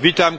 witam